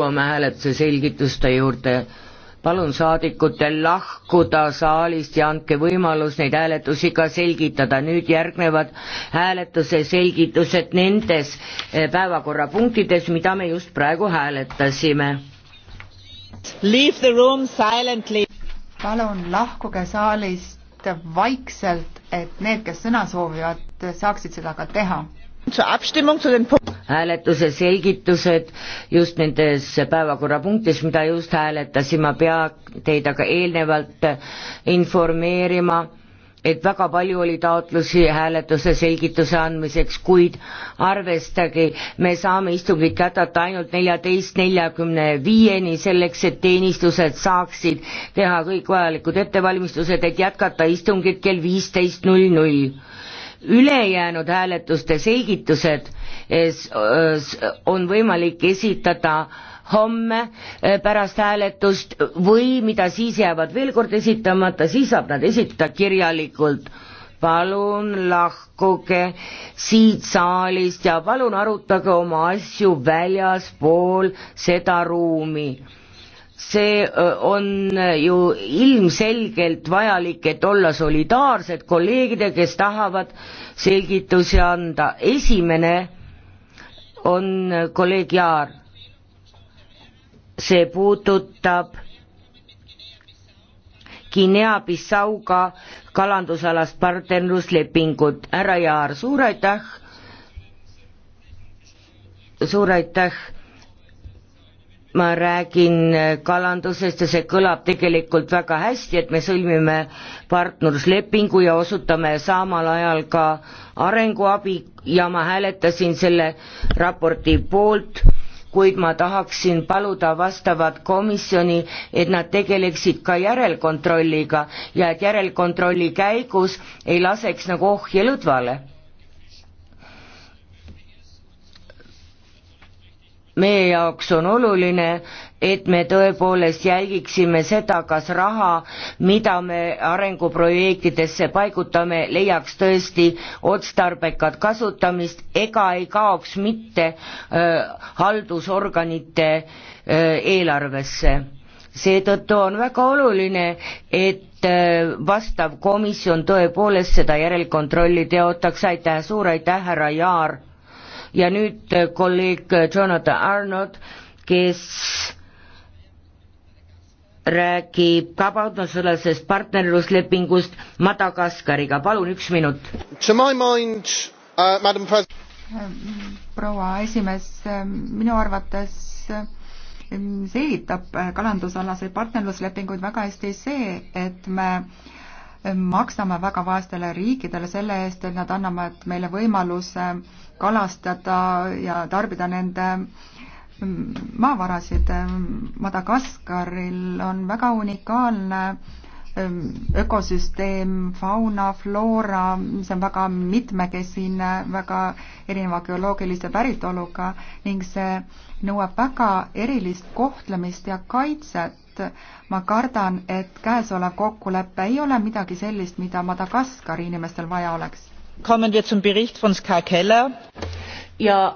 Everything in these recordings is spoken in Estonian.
jõuame hääletuse selgituste juurde. palun saadikutel lahkuda saalist ja andke võimalus neid hääletusi ka selgitada. nüüd järgnevad hääletuse selgitused nendes eh, päevakorrapunktides, mida me just praegu hääletasime. Leave the room silently. palun lahkuge saalist vaikselt, et need, kes sõna soovivad, saaksid seda ka teha hääletuse selgitused just nendes päevakorrapunktis, mida just hääletasime, pean teid aga eelnevalt informeerima, et väga palju oli taotlusi hääletuse selgituse andmiseks, kuid arvestage, me saame istungit jätata ainult neljateist neljakümne viieni, selleks et teenistused saaksid teha kõik vajalikud ettevalmistused, et jätkata istungit kell viisteist null null ülejäänud hääletuste selgitused on võimalik esitada homme e, pärast hääletust või mida siis jäävad veel kord esitamata, siis saab nad esitada kirjalikult. palun lahkuge siit saalist ja palun arutage oma asju väljaspool seda ruumi see on ju ilmselgelt vajalik, et olla solidaarsed kolleegidega, kes tahavad selgitusi anda. esimene on kolleeg Jaar. see puudutab Guinea-Bissauga kalandusalast partnerluslepingut. härra Jaar, suur aitäh! suur aitäh! ma räägin kalandusest ja see kõlab tegelikult väga hästi, et me sõlmime partnerluslepingu ja osutame samal ajal ka arenguabi ja ma hääletasin selle raporti poolt, kuid ma tahaksin paluda vastavat komisjoni, et nad tegeleksid ka järelkontrolliga ja et järelkontrolli käigus ei laseks nagu ohje lõdvale meie jaoks on oluline, et me tõepoolest jälgiksime seda, kas raha, mida me arenguprojektidesse paigutame, leiaks tõesti otstarbekat kasutamist ega ei kaoks mitte öö, äh, haldusorganite öö, äh, eelarvesse. seetõttu on väga oluline, et öö, äh, vastav komisjon tõepoolest seda järelkontrolli teotaks, aitäh, suur aitäh, härra Jaar! ja nüüd äh, kolleeg äh, Jonathan Arnold, kes räägib kabandusalasest partnerluslepingust Madagaskariga, palun üks minut. Uh, proua esimees, äh, minu arvates selgitab kalandusalaseid partnerluslepinguid väga hästi see, et me maksame väga vaestele riikidele selle eest, et nad annavad meile võimaluse kalastada ja tarbida nende mm, maavarasid. Madagaskaril on väga unikaalne ökosüsteem, fauna, floora, mis on väga mitmekesine, väga erineva geoloogilise päritoluga ning see nõuab väga erilist kohtlemist ja kaitset. ma kardan, et käesolev kokkulepe ei ole midagi sellist, mida Madagaskari inimestel vaja oleks. ja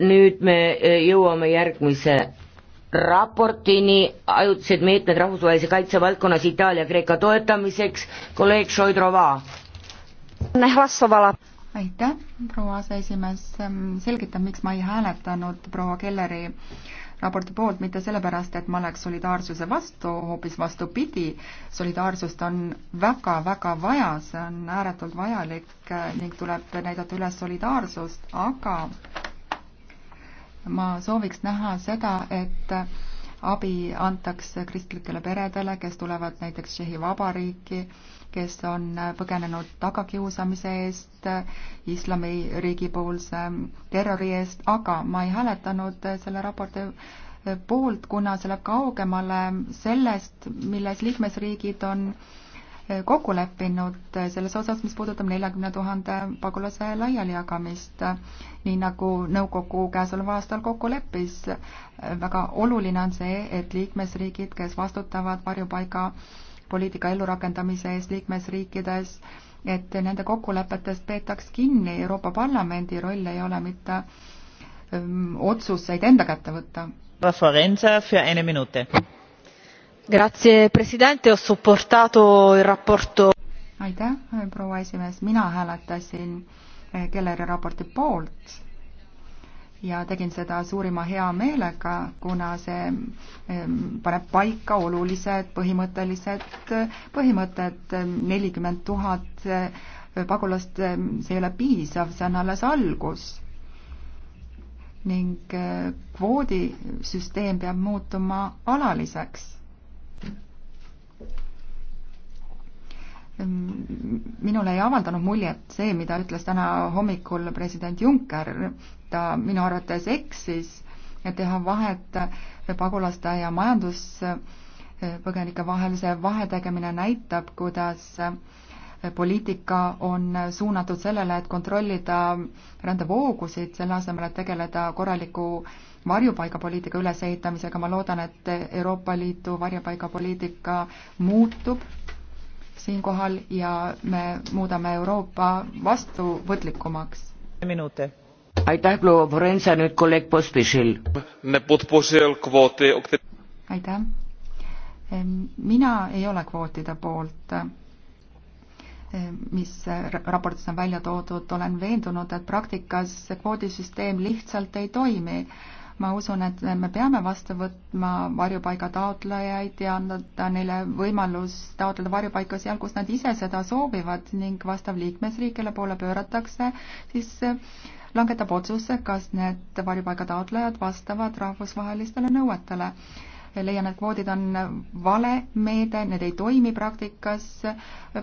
nüüd me äh, jõuame järgmise raportini ajutised meetmed rahvusvahelise kaitse valdkonnas Itaalia-Kreeka toetamiseks, kolleeg Šoidrova. aitäh, proua aseesimees, ehm, selgitan, miks ma ei hääletanud proua Kelleri raporti poolt mitte sellepärast, et ma oleks solidaarsuse vastu, hoopis vastupidi, solidaarsust on väga-väga vaja, see on ääretult vajalik eh, ning tuleb näidata üles solidaarsust, aga ma sooviks näha seda, et abi antakse kristlikele peredele, kes tulevad näiteks Tšehhi Vabariiki, kes on põgenenud tagakiusamise eest, islamiriigi poolse terrori eest, aga ma ei hääletanud selle raporti poolt, kuna see läheb kaugemale sellest, milles liikmesriigid on äh, kokku leppinud selles osas, mis puudutab neljakümne tuhande pagulase laialijagamist, nii nagu nõukogu käesoleval aastal kokku leppis. väga oluline on see, et liikmesriigid, kes vastutavad varjupaiga poliitika ellurakendamise eest liikmesriikides, et nende kokkulepetest peetaks kinni, Euroopa Parlamendi roll ei ole mitte ähm, otsuseid enda kätte võtta. Referenza für eine Minute Grazie, president, ho supportato il raporto. aitäh, proua esimees, mina hääletasin eh, Kelleri raporti poolt ja tegin seda suurima heameelega, kuna see paneb paika olulised põhimõttelised põhimõtted, nelikümmend tuhat eh, pagulast, see ei ole piisav, see on alles algus. ning eh, kvoodisüsteem peab muutuma alaliseks Mm, minule ei avaldanud muljet see, mida ütles täna hommikul president Juncker, ta minu arvates eksis, et teha vahet pagulaste ja majanduspõgenike vahel, see vahetegemine näitab, kuidas poliitika on suunatud sellele, et kontrollida rändevoogusid, selle asemel, et tegeleda korraliku varjupaigapoliitika ülesehitamisega, ma loodan, et Euroopa Liidu varjupaigapoliitika muutub siinkohal ja me muudame Euroopa vastuvõtlikumaks. minute. aitäh, proua Forenza, nüüd kolleeg Pospišil. aitäh. mina ei ole kvootide poolt, mis raportis on välja toodud, olen veendunud, et praktikas kvoodisüsteem lihtsalt ei toimi ma usun, et me peame vastu võtma varjupaiga taotlejaid ja anda neile võimalus taotleda varjupaika seal, kus nad ise seda soovivad ning vastav liikmesriik, kelle poole pööratakse, siis äh, langetab otsuse, kas need varjupaiga taotlejad vastavad rahvusvahelistele nõuetele. leian, et kvoodid on vale meede, need ei toimi praktikas,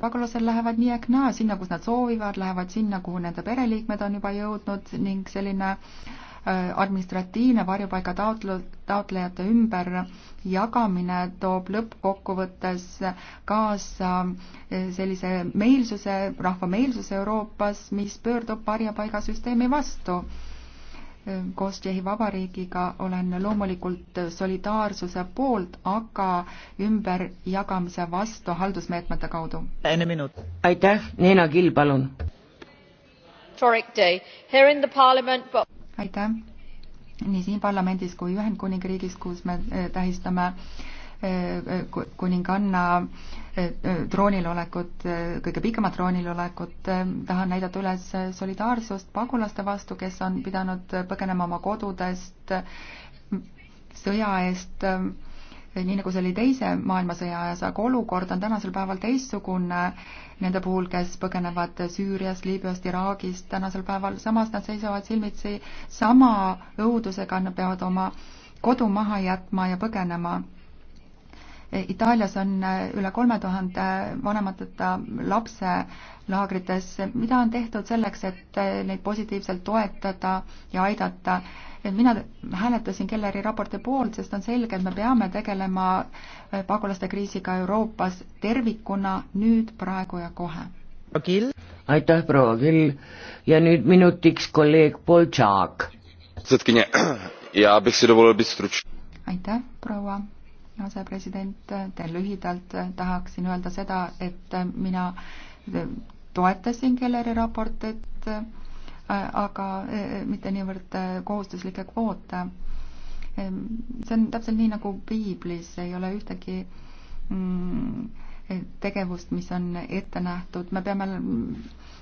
pagulased lähevad nii ehk naa, sinna, kus nad soovivad, lähevad sinna, kuhu nende pereliikmed on juba jõudnud ning selline äh, Äh, administratiivne varjupaiga taotlu-, taotlejate ümberjagamine toob lõppkokkuvõttes kaasa äh, sellise meelsuse, rahvameelsuse Euroopas, mis pöördub varjupaigasüsteemi vastu äh, koos Tšehhi Vabariigiga olen loomulikult solidaarsuse poolt, aga ümberjagamise vastu haldusmeetmete kaudu. aitäh, Neena Kill, palun. But aitäh nii siin parlamendis kui Ühendkuningriigis, kus me eh, tähistame eh, eh, kuninganna troonilolekut, kõige pikemat troonilolekut, tahan näidata üles solidaarsust pagulaste vastu, kes on pidanud põgenema oma kodudest sõja eest nii nagu see oli Teise maailmasõja ajas, aga olukord on tänasel päeval teistsugune nende puhul, kes põgenevad Süüriast, Liibüast, Iraagist tänasel päeval, samas nad seisavad silmitsi sama õudusega, nad peavad oma kodu maha jätma ja põgenema Itaalias on äh, üle kolme tuhande vanemateta lapse laagrites. mida on tehtud selleks, et äh, neid positiivselt toetada ja aidata? mina hääletasin Kelleri raporti poolt, sest on selge, et me peame tegelema äh, pagulaste kriisiga Euroopas tervikuna nüüd, praegu ja kohe. aitäh, proua Kill ja nüüd minutiks kolleeg Poltšak. aitäh, proua asepresident, teen lühidalt, tahaksin öelda seda, et mina toetasin Kelleri raportit, aga mitte niivõrd kohustuslikke kvoote. see on täpselt nii nagu piiblis, ei ole ühtegi mm, tegevust, mis on ette nähtud, me peame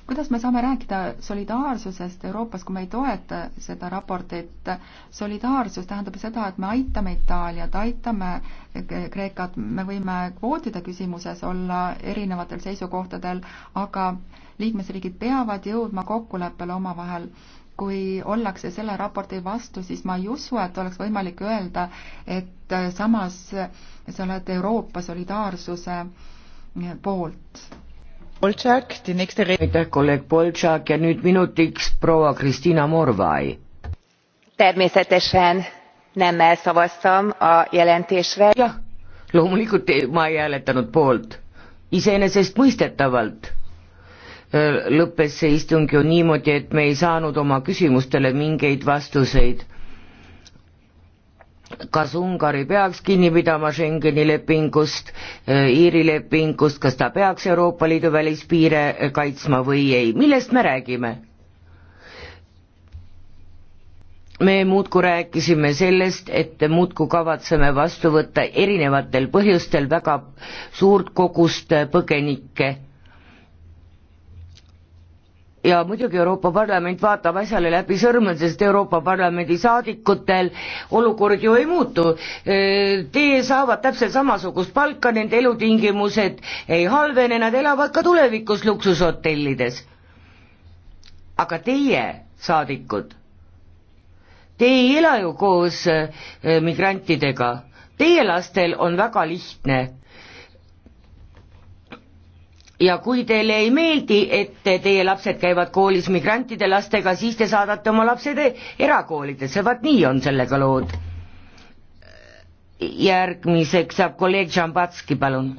kuidas me saame rääkida solidaarsusest Euroopas, kui me ei toeta seda raportit? solidaarsus tähendab seda, et me aitame Itaaliat, aitame Kreekat, me võime kvootide küsimuses olla erinevatel seisukohtadel, aga liikmesriigid peavad jõudma kokkuleppele omavahel kui ollakse selle raporti vastu, siis ma ei usu, et oleks võimalik öelda, et samas sa oled Euroopa solidaarsuse poolt aitäh, kolleeg Boltšak ja nüüd minutiks proua Kristina Morvai. természetesen nemmel szavaztam a jelentésre. jah, loomulikult ma ei hääletanud poolt, iseenesestmõistetavalt lõppes see istung ju niimoodi, et me ei saanud oma küsimustele mingeid vastuseid kas Ungari peaks kinni pidama Schengeni lepingust, äh, Iiri lepingust, kas ta peaks Euroopa Liidu välispiire kaitsma või ei, millest me räägime? me muudkui rääkisime sellest, et muudkui kavatseme vastu võtta erinevatel põhjustel väga suurt kogust põgenikke ja muidugi Euroopa Parlament vaatab asjale läbi sõrmed, sest Euroopa Parlamendi saadikutel olukord ju ei muutu. Teie saavad täpselt samasugust palka, nende elutingimused ei halvene, nad elavad ka tulevikus luksushotellides. aga teie, saadikud, te ei ela ju koos eh, migrantidega, teie lastel on väga lihtne ja kui teile ei meeldi, et teie lapsed käivad koolis migrantide lastega, siis te saadate oma lapsed erakoolidesse, vaat nii on sellega lood. järgmiseks saab kolleeg Žambatski, palun.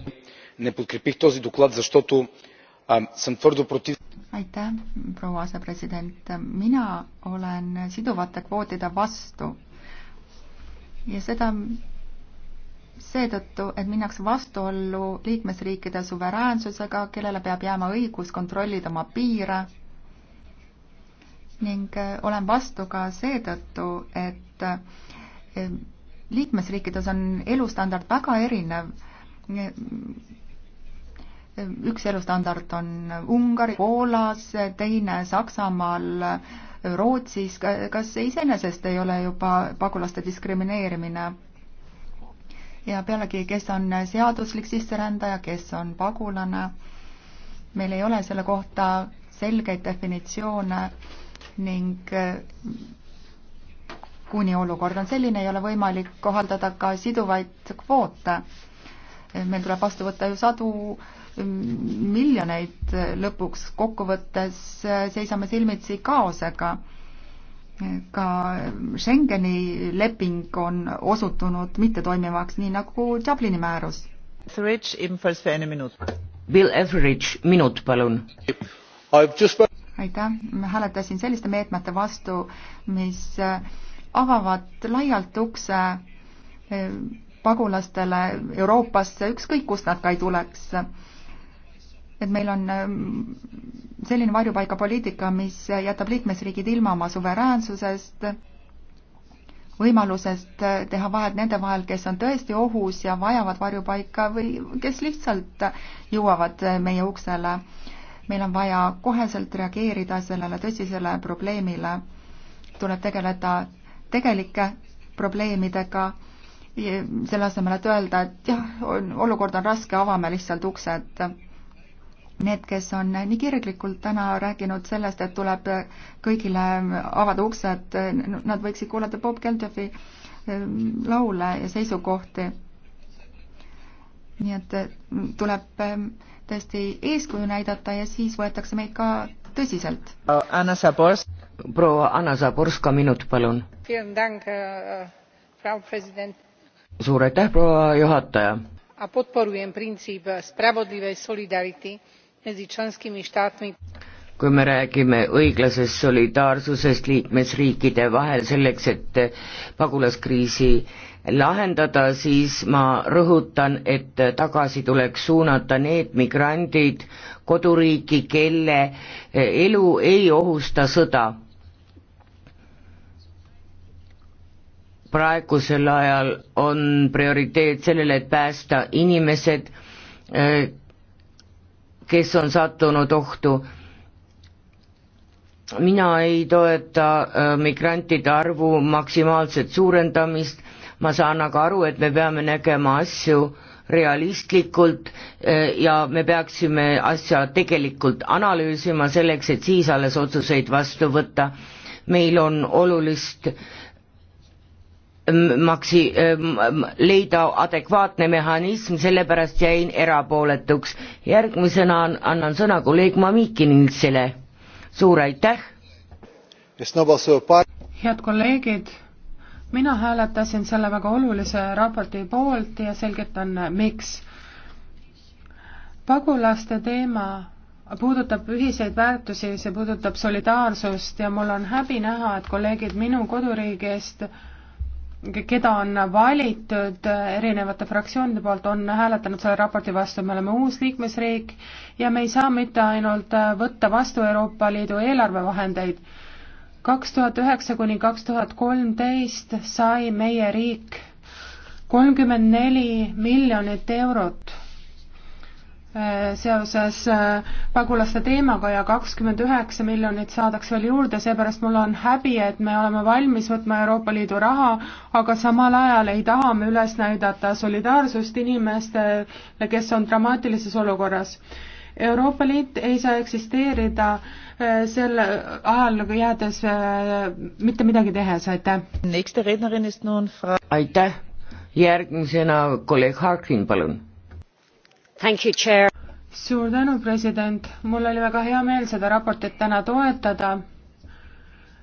aitäh, proua asepresident, mina olen siduvate kvootide vastu ja seda seetõttu, et minnakse vastuollu liikmesriikide suveräänsusega, kellele peab jääma õigus kontrollida oma piire ning äh, olen vastu ka seetõttu, et äh, liikmesriikides on elustandard väga erinev. üks elustandard on Ungari, Poolas, teine Saksamaal, Rootsis, kas iseenesest ei ole juba pagulaste diskrimineerimine? ja pealegi, kes on seaduslik sisserändaja, kes on pagulane. meil ei ole selle kohta selgeid definitsioone ning äh, kuni olukord on selline, ei ole võimalik kohaldada ka siduvaid kvoote. meil tuleb vastu võtta ju sadu miljoneid äh, lõpuks, kokkuvõttes äh, seisame silmitsi kaosega ka Schengeni leping on osutunud mittetoimivaks, nii nagu Dublini määrus. Bill Everidge, minut palun aitäh, ma hääletasin selliste meetmete vastu, mis äh, avavad laialt ukse äh, pagulastele Euroopasse, ükskõik kust nad ka ei tuleks et meil on ähm, selline varjupaigapoliitika, mis jätab liikmesriigid ilma oma suveräänsusest, võimalusest äh, teha vahet nende vahel, kes on tõesti ohus ja vajavad varjupaika või kes lihtsalt jõuavad äh, meie uksele. meil on vaja koheselt reageerida sellele tõsisele probleemile. tuleb tegeleda tegelike probleemidega selle asemel, et öelda, et jah, olukord on raske, avame lihtsalt uksed need, kes on nii kirglikult täna rääkinud sellest, et tuleb kõigile avada uksed, nad võiksid kuulata Bob Geldofi ehm, laule ja seisukohti. nii et ehm, tuleb ehm, tõesti eeskuju näidata ja siis võetakse meid ka tõsiselt. Anna Zaborsk, proua Anna Zaborska, minut palun. Äh, suur aitäh, proua juhataja. a podporujem princíp spravodlivej solidarity kui me räägime õiglasest solidaarsusest liikmesriikide vahel selleks, et eh, pagulaskriisi lahendada, siis ma rõhutan, et tagasi tuleks suunata need migrandid koduriiki, kelle eh, elu ei ohusta sõda. praegusel ajal on prioriteet sellele, et päästa inimesed eh, kes on sattunud ohtu. mina ei toeta äh, migrantide arvu maksimaalset suurendamist, ma saan aga aru, et me peame nägema asju realistlikult äh, ja me peaksime asja tegelikult analüüsima selleks, et siis alles otsuseid vastu võtta. meil on olulist maksi-, leida adekvaatne mehhanism, sellepärast jäin erapooletuks. järgmisena annan sõna kolleeg Mamikinisele. suur aitäh! head kolleegid, mina hääletasin selle väga olulise raporti poolt ja selgitan, miks. pagulaste teema puudutab ühiseid väärtusi, see puudutab solidaarsust ja mul on häbi näha, et kolleegid minu koduriigist keda on valitud erinevate fraktsioonide poolt, on hääletanud selle raporti vastu, me oleme uus liikmesriik ja me ei saa mitte ainult võtta vastu Euroopa Liidu eelarvevahendeid. kaks tuhat üheksa kuni kaks tuhat kolmteist sai meie riik kolmkümmend neli miljonit eurot seoses äh, pagulaste teemaga ja kakskümmend üheksa miljonit saadakse veel juurde, seepärast mul on häbi, et me oleme valmis võtma Euroopa Liidu raha, aga samal ajal ei taha me üles näidata solidaarsust inimestele, kes on dramaatilises olukorras. Euroopa Liit ei saa eksisteerida äh, selle ajal jäädes äh, mitte midagi tehes, aitäh. aitäh, järgmisena kolleeg Harkin, palun suur tänu, president, mul oli väga hea meel seda raportit täna toetada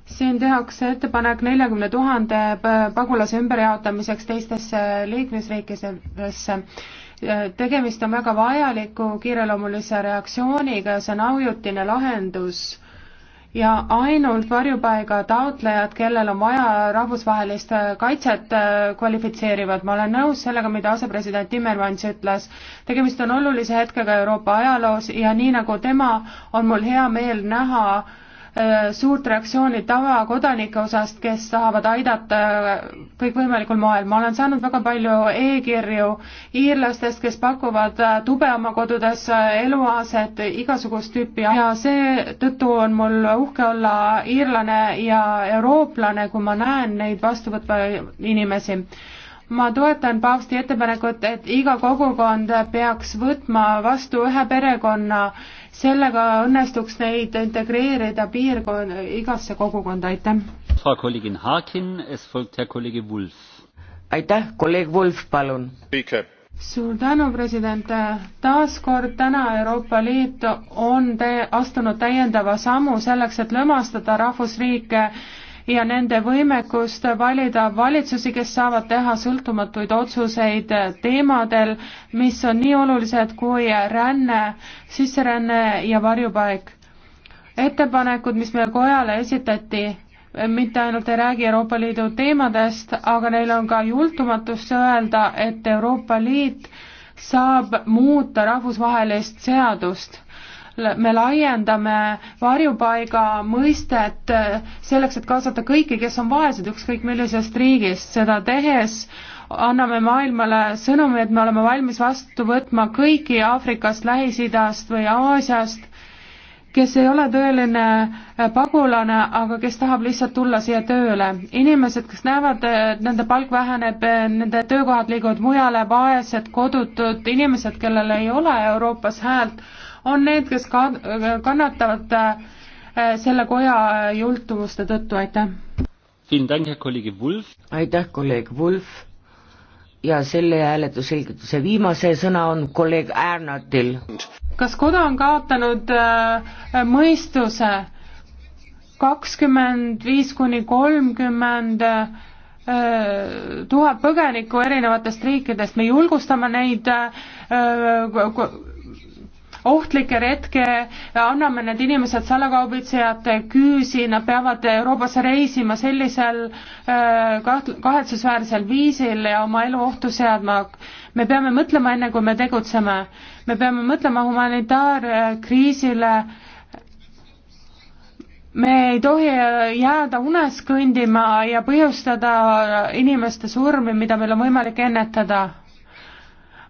siin tehakse ettepanek neljakümne tuhande pagulase ümberjaotamiseks teistesse liikmesriikidesse. tegemist on väga vajaliku kiireloomulise reaktsiooniga ja see on ajutine lahendus ja ainult varjupaiga taotlejad, kellel on vaja rahvusvahelist äh, kaitset, äh, kvalifitseerivad. ma olen nõus sellega, mida asepresident Timmermans ütles. tegemist on olulise hetkega Euroopa ajaloos ja nii nagu tema, on mul hea meel näha äh, Äh, suurt reaktsiooni tavakodanike osast, kes tahavad aidata äh, kõikvõimalikul moel. ma olen saanud väga palju e-kirju iirlastest, kes pakuvad äh, tube oma kodudes, eluaset, igasugust tüüpi ja seetõttu on mul uhke olla iirlane ja eurooplane, kui ma näen neid vastuvõtva inimesi ma toetan paavsti ettepanekut, et iga kogukond peaks võtma vastu ühe perekonna äh, sellega õnnestuks neid integreerida piirkon-, igasse kogukonda, aitäh. aitäh, kolleeg Wolf, palun. suur tänu, president, taas kord täna Euroopa Liit on te-, astunud täiendava sammu selleks, et lõmastada rahvusriike ja nende võimekust valida valitsusi, kes saavad teha sõltumatuid otsuseid teemadel, mis on nii olulised kui ränne, sisseränne ja varjupaik. ettepanekud, mis meie kojale esitati, mitte ainult ei räägi Euroopa Liidu teemadest, aga neil on ka jultumatust öelda, et Euroopa Liit saab muuta rahvusvahelist seadust me laiendame varjupaiga mõistet äh, selleks, et kaasata kõiki, kes on vaesed, ükskõik millisest riigist, seda tehes anname maailmale sõnumi, et me oleme valmis vastu võtma kõiki Aafrikast, Lähis-Idast või Aasiast, kes ei ole tõeline äh, pagulane, aga kes tahab lihtsalt tulla siia tööle. inimesed, kes näevad, et nende palk väheneb, nende töökohad liiguvad mujale, vaesed, kodutud inimesed, kellel ei ole Euroopas häält, on need, kes ka-, kannatavad äh, selle koja äh, jultumuste tõttu, aitäh! aitäh, kolleeg Wulf! ja selle hääletusselgituse viimase sõna on kolleeg Ärnatil. kas koda on kaotanud äh, mõistuse kakskümmend viis kuni kolmkümmend äh, tuhat põgenikku erinevatest riikidest, me julgustame neid äh, ohtlikel hetke anname need inimesed salakaubitsejate küüsi, nad peavad Euroopasse reisima sellisel äh, kahetsusväärsel viisil ja oma elu ohtu seadma. me peame mõtlema, enne kui me tegutseme. me peame mõtlema humanitaarkriisile me ei tohi jääda unes kõndima ja põhjustada inimeste surmi, mida meil on võimalik ennetada.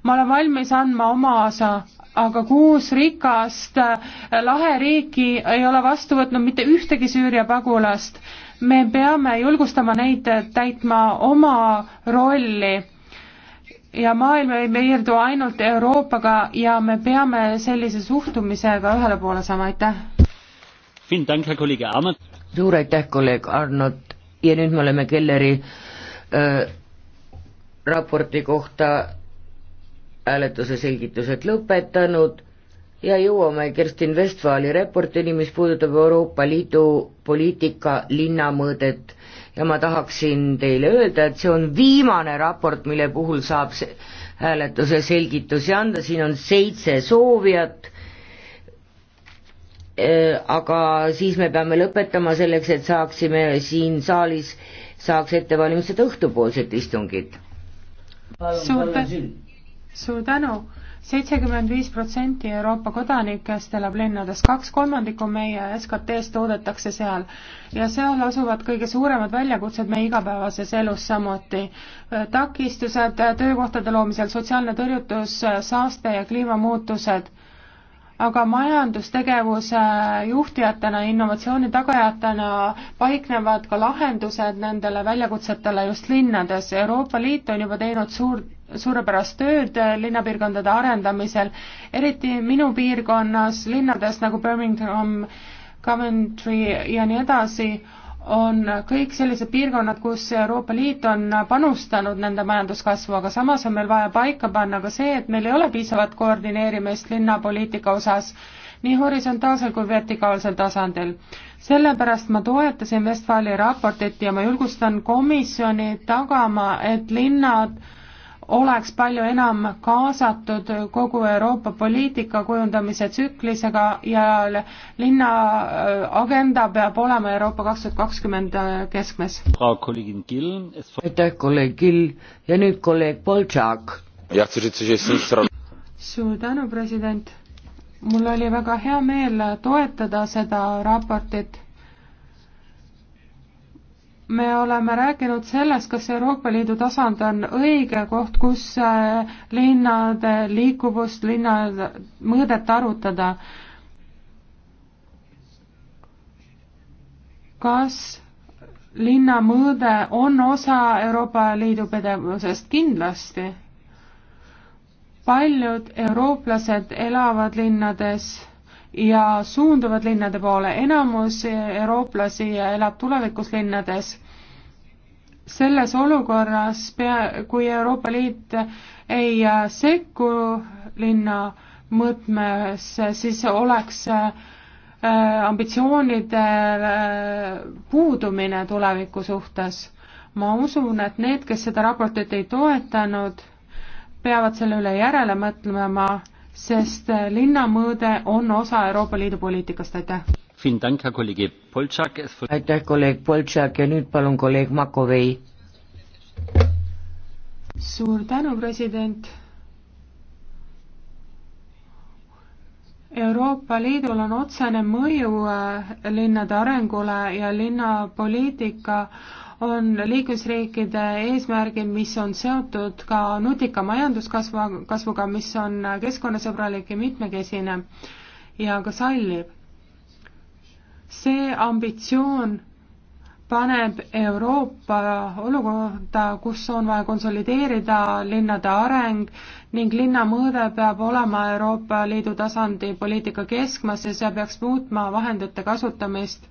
ma olen valmis andma oma osa, aga kuus rikast äh, laheriiki ei ole vastu võtnud mitte ühtegi Süüria pagulast. me peame julgustama neid täitma oma rolli ja maailm ei piirdu ainult Euroopaga ja me peame sellise suhtumisega ühele poole saama, aitäh! suur aitäh, kolleeg Arnold ja nüüd me oleme Kelleri äh, raporti kohta hääletuse selgitused lõpetanud ja jõuame Kerstin Westfaali raportini, mis puudutab Euroopa Liidu poliitika linnamõõdet ja ma tahaksin teile öelda, et see on viimane raport, mille puhul saab see hääletuse selgitusi anda, siin on seitse soovijat, aga siis me peame lõpetama selleks, et saaksime siin saalis, saaks ette valmistada õhtupoolset istungit. suur tänu suur tänu. seitsekümmend viis protsenti Euroopa kodanikest elab linnades, kaks kolmandikku meie SKT-st toodetakse seal ja seal asuvad kõige suuremad väljakutsed meie igapäevases elus samuti. takistused töökohtade loomisel, sotsiaalne tõrjutus, saaste ja kliimamuutused aga majandustegevuse juhtijatena, innovatsiooni tagajatena paiknevad ka lahendused nendele väljakutsetele just linnades. Euroopa Liit on juba teinud suur, suurepärast tööd linnapiirkondade arendamisel, eriti minu piirkonnas, linnades nagu Birmingham, Coventry ja nii edasi on kõik sellised piirkonnad, kus Euroopa Liit on panustanud nende majanduskasvu, aga samas on meil vaja paika panna ka see, et meil ei ole piisavat koordineerimist linnapoliitika osas nii horisontaalsel kui vertikaalsel tasandil. sellepärast ma toetasin Westfali raportit ja ma julgustan komisjoni tagama, et linnad äh, oleks palju enam kaasatud kogu Euroopa poliitika kujundamise tsüklisega ja linna äh, agenda peab olema Euroopa kaks tuhat kakskümmend keskmes. aitäh, kolleeg Kill ja nüüd kolleeg Boltšak. suur tänu, president. mul oli väga hea meel toetada seda raportit me oleme rääkinud sellest, kas Euroopa Liidu tasand on õige koht, kus äh, linnade liikuvust, linnade mõõdet arutada. kas linna mõõde on osa Euroopa Liidu pädevusest? kindlasti. paljud eurooplased elavad linnades ja suunduvad linnade poole, enamus eurooplasi elab tulevikus linnades. selles olukorras pea, kui Euroopa Liit ei sekku linna mõõtmes, siis oleks äh, ambitsioonide äh, puudumine tuleviku suhtes. ma usun, et need, kes seda raportit ei toetanud, peavad selle üle järele mõtlema sest äh, linnamõõde on osa Euroopa Liidu poliitikast, aitäh! aitäh, kolleeg Boltšak ja nüüd palun kolleeg Makovei. suur tänu, president! Euroopa Liidul on otsene mõju äh, linnade arengule ja linnapoliitika on liikmesriikide eesmärgid, mis on seotud ka nutika majanduskasva, kasvuga, mis on keskkonnasõbralik ja mitmekesine ja ka salliv. see ambitsioon paneb Euroopa olukorda, kus on vaja konsolideerida linnade areng ning linna mõõde peab olema Euroopa Liidu tasandi poliitika keskmes ja see peaks muutma vahendite kasutamist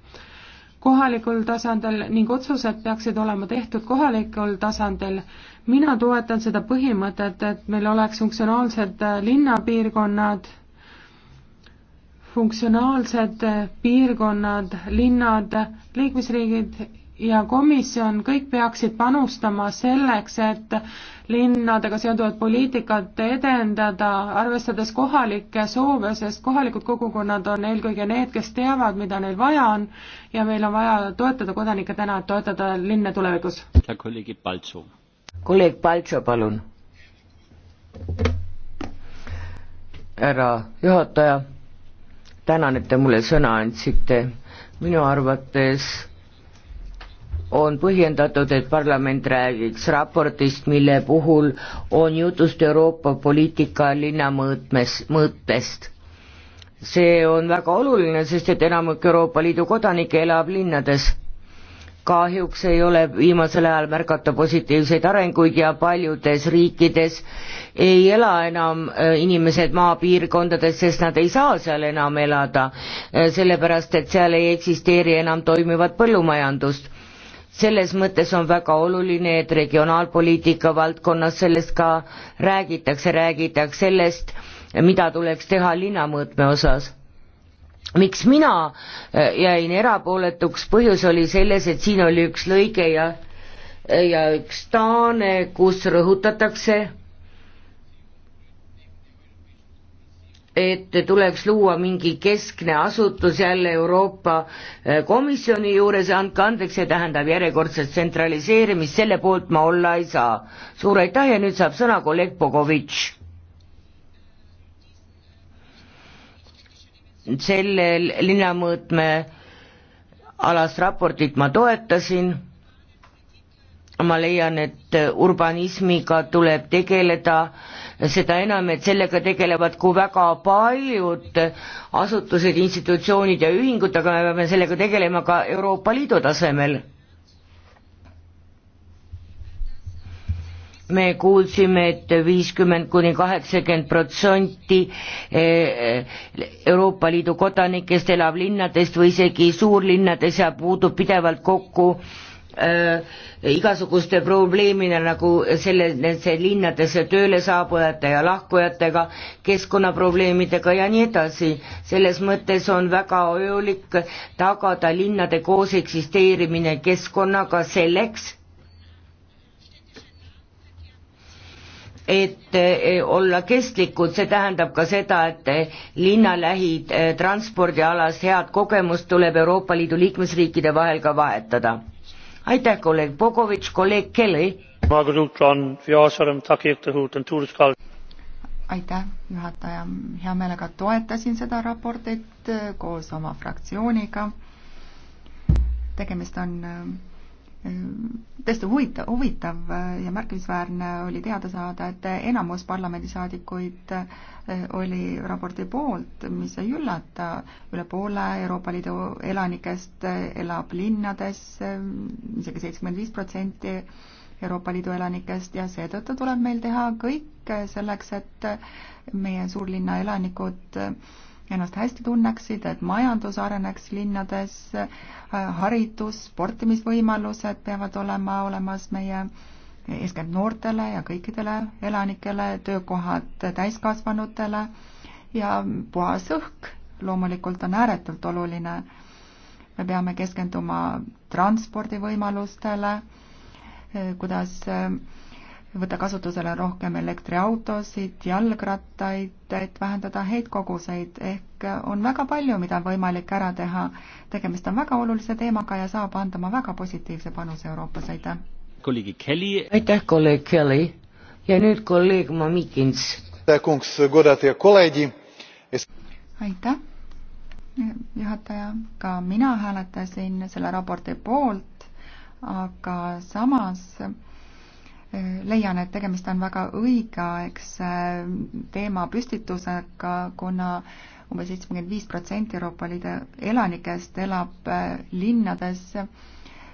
kohalikul tasandil ning otsused peaksid olema tehtud kohalikul tasandil. mina toetan seda põhimõtet, et meil oleks funktsionaalsed äh, linnapiirkonnad, funktsionaalsed äh, piirkonnad, linnad, liikmesriigid ja komisjon, kõik peaksid panustama selleks, et linnadega seonduvat poliitikat edendada, arvestades kohalikke soove, sest kohalikud kogukonnad on eelkõige need, kes teavad, mida neil vaja on ja meil on vaja toetada kodanikke täna, et toetada linne tulevikus. kolleeg Paltso, palun. härra juhataja, tänan, et te mulle sõna andsite. minu arvates on põhjendatud, et parlament räägiks raportist, mille puhul on jutust Euroopa poliitika linnamõõtmes, mõõtest. see on väga oluline, sest et enamik Euroopa Liidu kodanikke elab linnades. kahjuks ei ole viimasel ajal märgata positiivseid arenguid ja paljudes riikides ei ela enam äh, inimesed maapiirkondades, sest nad ei saa seal enam elada, äh, sellepärast et seal ei eksisteeri enam toimivat põllumajandust selles mõttes on väga oluline, et regionaalpoliitika valdkonnas sellest ka räägitakse, räägitakse sellest, mida tuleks teha linnamõõtme osas. miks mina äh, jäin erapooletuks, põhjus oli selles, et siin oli üks lõige ja ja üks taane, kus rõhutatakse et tuleks luua mingi keskne asutus jälle Euroopa eh, Komisjoni juures, andke andeks, see tähendab järjekordset tsentraliseerimist, selle poolt ma olla ei saa. suur aitäh ja nüüd saab sõna kolleeg Bogovitš. sellel linnamõõtme alast raportit ma toetasin, ma leian, et urbanismiga tuleb tegeleda äh, seda enam, et sellega tegelevad kui väga paljud asutused, institutsioonid ja ühingud, aga me peame sellega tegelema ka Euroopa Liidu tasemel. me kuulsime et, et viiskümmend kuni kaheksakümmend protsenti eh, Euroopa Liidu kodanikest elab linnades või isegi suurlinnades ja puudub pidevalt kokku äh, Äh, igasuguste probleemina nagu selle, nendesse linnadesse tööle saabujate ja lahkujatega, keskkonnaprobleemidega ja nii edasi. selles mõttes on väga olulik tagada linnade koos eksisteerimine keskkonnaga selleks, et eh, olla kestlikud, see tähendab ka seda, et eh, linnalähid eh, transpordialas head kogemust tuleb Euroopa Liidu liikmesriikide vahel ka vahetada aitäh, kolleeg Bogovitš, kolleeg Kelly. aitäh, juhataja, hea meelega toetasin seda raportit äh, koos oma fraktsiooniga. tegemist on äh, Ehm, tõesti huvitav, huvitav äh, ja märkimisväärne oli teada saada, et enamus parlamendisaadikuid äh, oli raporti poolt, mis ei üllata, üle poole Euroopa Liidu elanikest äh, elab linnades isegi, ehm, isegi seitsekümmend viis protsenti Euroopa Liidu elanikest ja seetõttu tuleb meil teha kõik selleks, et meie suurlinna elanikud ennast hästi tunneksid, et majandus areneks linnades, haridus, sportimisvõimalused peavad olema olemas meie eeskätt noortele ja kõikidele elanikele, töökohad täiskasvanutele ja puhas õhk loomulikult on ääretult oluline. me peame keskenduma transpordivõimalustele, kuidas võtta kasutusele rohkem elektriautosid, jalgrattaid, et vähendada heitkoguseid, ehk on väga palju, mida on võimalik ära teha. tegemist on väga olulise teemaga ja saab anda oma väga positiivse panuse Euroopas, aitäh! aitäh, kolleeg Kelly! ja nüüd kolleeg Mamikins. aitäh, juhataja, ka mina hääletasin selle raporti poolt, aga samas leian, et tegemist on väga õigeaegse äh, teemapüstitusega, kuna umbes seitsekümmend viis protsenti Euroopa Liidu elanikest elab äh, linnades.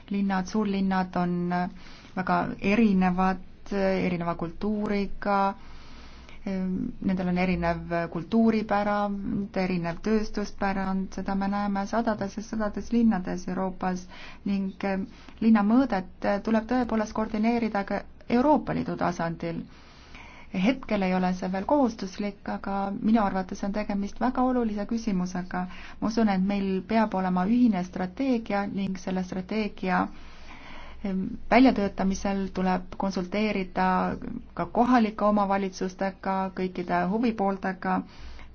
linnad, suurlinnad on äh, väga erinevad, erineva kultuuriga, ähm, nendel on erinev kultuuripärand, erinev tööstuspärand, seda me näeme sadades ja sadades linnades Euroopas ning linnamõõdet tuleb tõepoolest koordineerida ka Euroopa Liidu tasandil. hetkel ei ole see veel kohustuslik, aga minu arvates on tegemist väga olulise küsimusega. ma usun, et meil peab olema ühine strateegia ning selle strateegia väljatöötamisel tuleb konsulteerida ka kohalike omavalitsustega, kõikide huvipooltega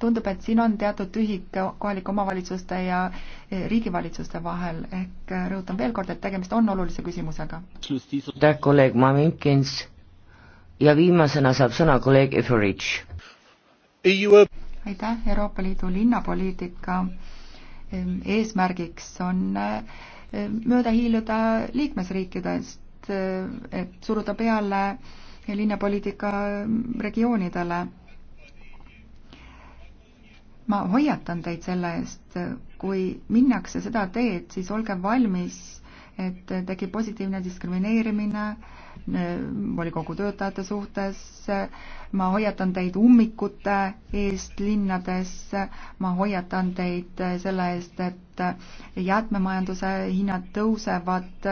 tundub, et siin on teatud tühik kohalike omavalitsuste ja eh, riigivalitsuste vahel ehk eh, rõhutan veel kord, et tegemist on olulise küsimusega. aitäh, kolleeg Maminkins ja viimasena saab sõna kolleeg Eferidž. aitäh, Euroopa Liidu linnapoliitika eh, eesmärgiks on mööda hiiluda liikmesriikidest, et suruda peale linnapoliitika regioonidele ma hoiatan teid selle eest, kui minnakse seda teed, siis olge valmis, et tekib positiivne diskrimineerimine eh, volikogu töötajate suhtes, ma hoiatan teid ummikute eest linnades, ma hoiatan teid selle eest, et jäätmemajanduse hinnad tõusevad,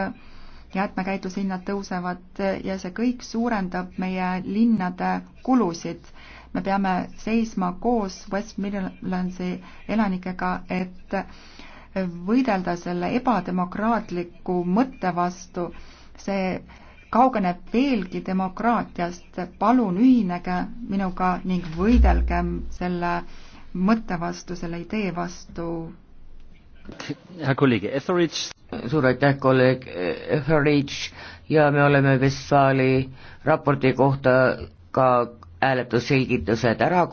jäätmekäitluse hinnad tõusevad ja see kõik suurendab meie linnade kulusid me peame seisma koos West Midlandsi elanikega, et võidelda selle ebademokraatliku mõtte vastu, see kaugeneb veelgi demokraatiast, palun ühinege minuga ning võidelgem selle mõtte vastu, selle idee vastu. hea kolleeg Etheridge. suur aitäh, kolleeg Etheridge ja me oleme Vestfaali raporti kohta ka hääletusselgitused ära